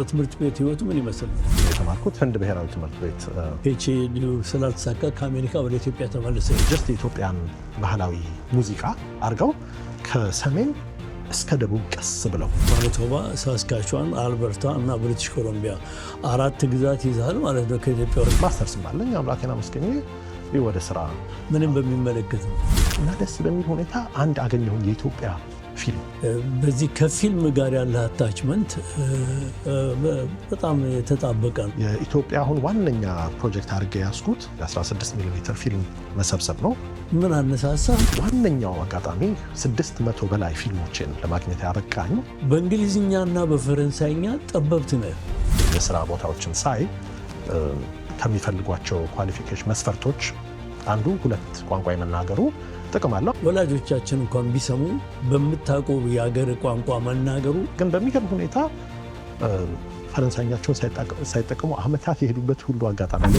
የትምህርት ቤት ህይወቱ ምን ይመስል? የተማርኩት ህንድ ብሔራዊ ትምህርት ቤት ፔቼ ዲሉ ስላልተሳካ ከአሜሪካ ወደ ኢትዮጵያ ተመለሰ። ጀስት የኢትዮጵያን ባህላዊ ሙዚቃ አድርገው ከሰሜን እስከ ደቡብ ቀስ ብለው ማኒቶባ፣ ሳስካቹዋን፣ አልበርታ እና ብሪቲሽ ኮሎምቢያ አራት ግዛት ይዛል ማለት ነው። ከኢትዮጵያ ወደ ማስተርስ ባለኝ አምላኬን አመስገኝ ወደ ስራ ምንም በሚመለከት ነው እና ደስ በሚል ሁኔታ አንድ አገኘሁን የኢትዮጵያ ፊልም በዚህ ከፊልም ጋር ያለ አታችመንት በጣም የተጣበቀ ነው። የኢትዮጵያ አሁን ዋነኛ ፕሮጀክት አድርገ ያስኩት የ16 ሚሊ ሜትር ፊልም መሰብሰብ ነው። ምን አነሳሳ? ዋነኛው አጋጣሚ 600 በላይ ፊልሞችን ለማግኘት ያበቃኝ በእንግሊዝኛና በፈረንሳይኛ ጠበብት ነ የስራ ቦታዎችን ሳይ ከሚፈልጓቸው ኳሊፊኬሽን መስፈርቶች አንዱ ሁለት ቋንቋ የመናገሩ ጥቅም አለው። ወላጆቻችን እንኳን ቢሰሙ በምታውቀው የሀገር ቋንቋ መናገሩ ግን በሚገርም ሁኔታ ፈረንሳይኛቸውን ሳይጠቅሙ ዓመታት የሄዱበት ሁሉ አጋጣሚ